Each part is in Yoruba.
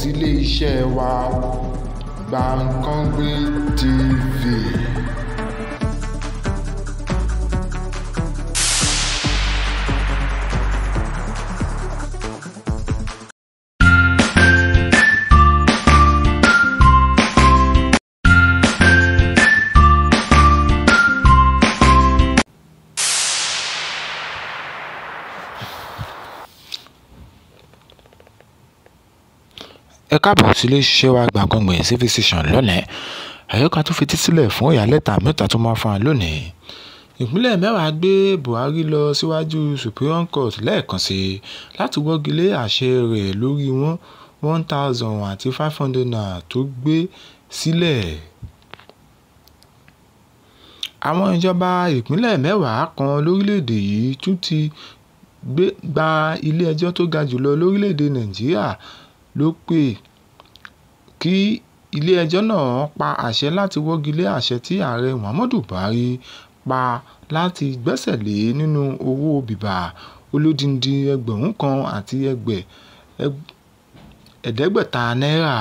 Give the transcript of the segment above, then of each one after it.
sílé iṣẹ́ wa Gbankanbi káàbọ̀ sílé iṣẹ́ wa Gbankangbìyàn TV station lónìí àyọkà tó fetí sílẹ̀ fún ìyálẹ́ta mẹ́ta tó máa fa lónìí ìpínlẹ̀ mẹ́wàá gbé Buhari lọ síwájú Supreme Court lẹ́ẹ̀kan sí i láti wọ́gi lé àṣẹ rẹ̀ lórí wọn one thousand àti five hundred naira tó gbé sílẹ̀ àwọn ìjọba ìpínlẹ̀ mẹ́wàá kan lórílẹ̀‐èdè yìí tún ti gba ilé-ẹjọ́ tó ga jù lọ lórílẹ̀‐èdè Nàìjíríà ló pè kí ilé-ẹjọ́ náà pa àṣẹ láti wọ́gilé àṣẹ tí Ààrẹ Muhammadu Buhari pa láti gbẹ́sẹ̀ lé nínú owó bébà olódìndín ẹgbẹ̀rún kan àti ẹ̀ẹ́dẹ́gbẹ̀ta náírà.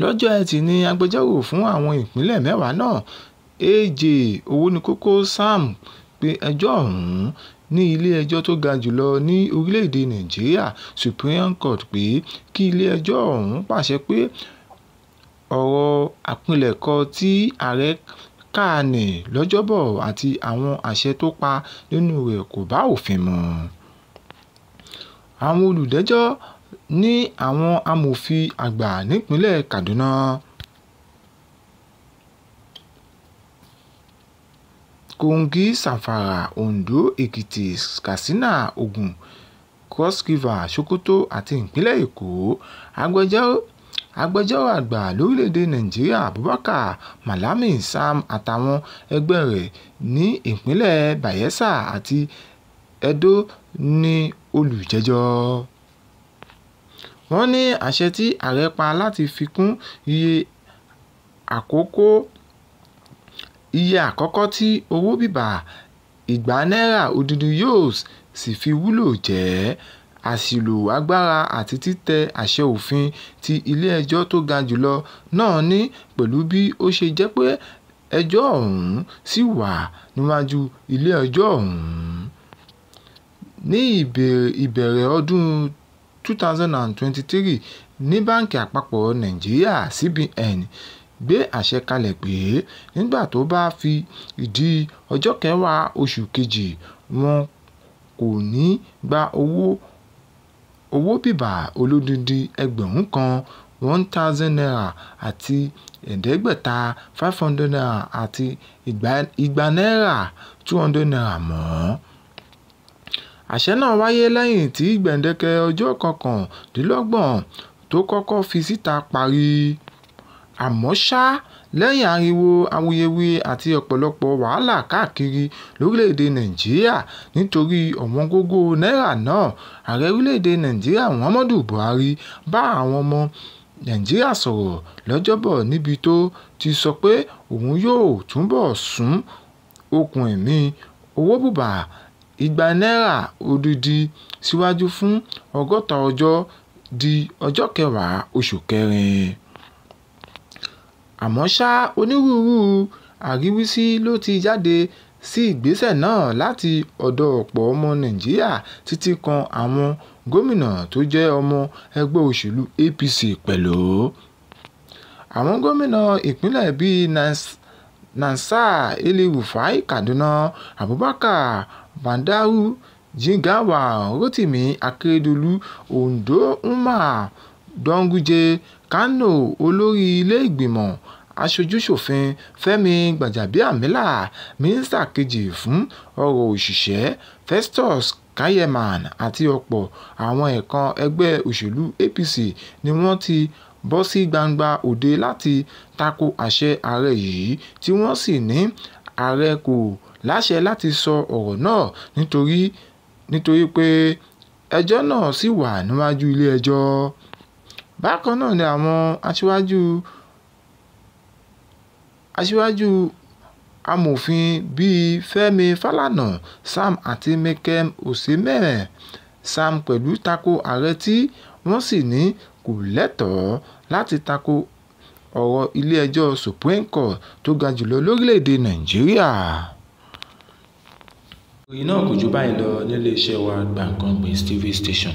Lọ́jọ́ Ẹtì ni agbẹjọ́rò fún àwọn ìpínlẹ̀ mẹ́wàá náà, A.J. Ọwọ́nikókó Sam, pe ẹjọ́ ọ̀hún ní Ilé-ẹjọ́ tó ga jùlọ ní orílẹ̀-èdè Nàìjíríà Supreme Court pé kí ilé-ẹjọ́ ọ̀hún pàṣẹ pé ọ̀rọ̀ àpilẹ̀kọ tí Ààrẹ Kàánì lọ́jọ́bọ̀ àti àwọn àṣẹ tó pa nínú rẹ̀ kò bá òfin mu. Àwọn olùjẹ́jọ́ ní àwọn amòfin àgbà nípínlẹ̀ Kaduna Kogi, Zamfara, Ondo, Èkìtì, Katsina, Ògùn, Cross River, Sokoto àti ìpínlẹ̀ Èkó. Agbẹjọ́rò àgbà lórílẹ̀-èdè Nàìjíríà Abubakar Malami Sam àtàwọn ẹgbẹ́ rẹ̀ ní ìpínlẹ̀ Bayelsa àti Edo ni olùjẹ́jọ́. Wọ́n ní àṣẹ tí ààrẹ pa láti fi kún iye àkókò Iye àkọ́kọ́ tí owó bíbá igba náírà òdìdì yóò sì fi wúlò jẹ́ àṣìlò agbára àti títẹ àṣẹ òfin tí Ilé Ẹjọ́ tó ga jùlọ náà ní pẹ̀lú bí ó ṣe jẹ́ pé ẹjọ́ ọ̀hún ṣì wà níwájú Ilé Ẹjọ́ ọ̀hún. Ní ìbẹ̀rẹ̀ ọdún 2023 ní Báńkì Àpapọ̀ Nàìjíríà (CBN) gbé àṣẹ kalẹ̀ pé nígbà tó bá fi di ọjọ́ kẹwàá oṣù kejì, wọn kò ní gba owó bìbà olódindi ẹgbẹ̀rún kan n naira àti ẹ̀ẹ́dẹ́gbẹ̀ta (500) àti igba náírà naira mọ́. Àṣẹ náà wáyé lẹ́yìn tí gbèǹdéke ọjọ́ kọkàndínlọ́gbọ̀n tó kọ́kọ́ fi síta parí. Àmọ́ ṣá, lẹ́yìn ariwo awuyewuye àti ọ̀pọ̀lọpọ̀ wàhálà káàkiri lórílẹ̀-èdè Nàìjíríà nítorí ọ̀wọ́ngógó náírà náà, Ààrẹ orílẹ̀-èdè Nàìjíríà Muhammadu Buhari bá àwọn ọmọ Nàìjíríà sọ̀rọ̀ lọ́jọ́bọ̀ níbi tó ti sọ pé òun yóò túbọ̀ sún okùn ẹ̀mí owó bùbá igba náírà odidi síwájú fún ọgọ́ta ọjọ́, di ọjọ́ kẹwàá oṣù kẹrin. Àmọ́ ṣá onírúurú àríwísí ló ti jáde sí ìgbésẹ̀ náà láti ọ̀dọ̀ ọ̀pọ̀ ọmọ Nàìjíríà títí kan àwọn gómìnà tó jẹ́ ọmọ ẹgbẹ́ òṣèlú APC pẹ̀lú. Àwọn gómìnà ìpínlẹ̀ bíi Nansa El-Rufai Kaduna, Abubakar Sandaru Jigawa, Rotimi Akeredolu Ondo Umar Ganduje Kano olórí ilé ìgbìmọ̀ aṣojúṣòfin fẹ́mi gbàjàbíàmílà mínísítà kejì fún ọ̀rọ̀ òṣìṣẹ́ festus kyeman àti ọ̀pọ̀ àwọn ẹ̀kan ẹgbẹ́ òṣèlú apc ni wọ́n ti bọ́ sí gbangba òde láti tako àṣẹ ààrẹ yìí tí wọ́n sì ní ààrẹ kò láṣẹ láti sọ ọ̀rọ̀ náà nítorí nítorí pé ẹjọ́ náà ṣì wà níwájú ilé ẹjọ́ bákan náà ni àwọn aṣíwájú Aṣíwájú amòfin bíi Fẹ́mi Fálànà, Sam àti Mike Ozimehin, Sam pẹ̀lú tako ààrẹ tí wọ́n sì ní kò lẹ́tọ̀ọ́ láti tako ọ̀rọ̀ ilé ẹjọ́ Supreme Court tó ga jùlọ lórílẹ̀-èdè Nàìjíríà. Ìròyìn náà kò jù báyìí lọ nílé iṣẹ́ wa Gbankanbi TV station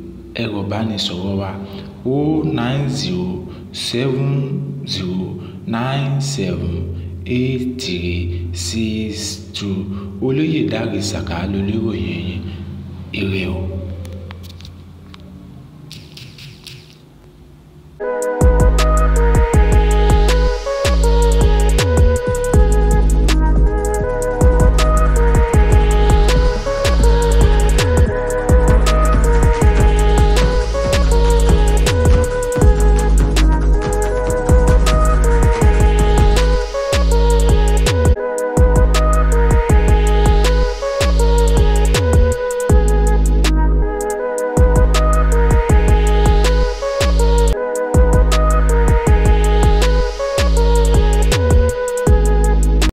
ẹ̀rọ ìbánisọ̀rọ̀ wa o nine zero seven zero nine seven eight three six two olóyèdárì sàká loríròyìn yìí ire o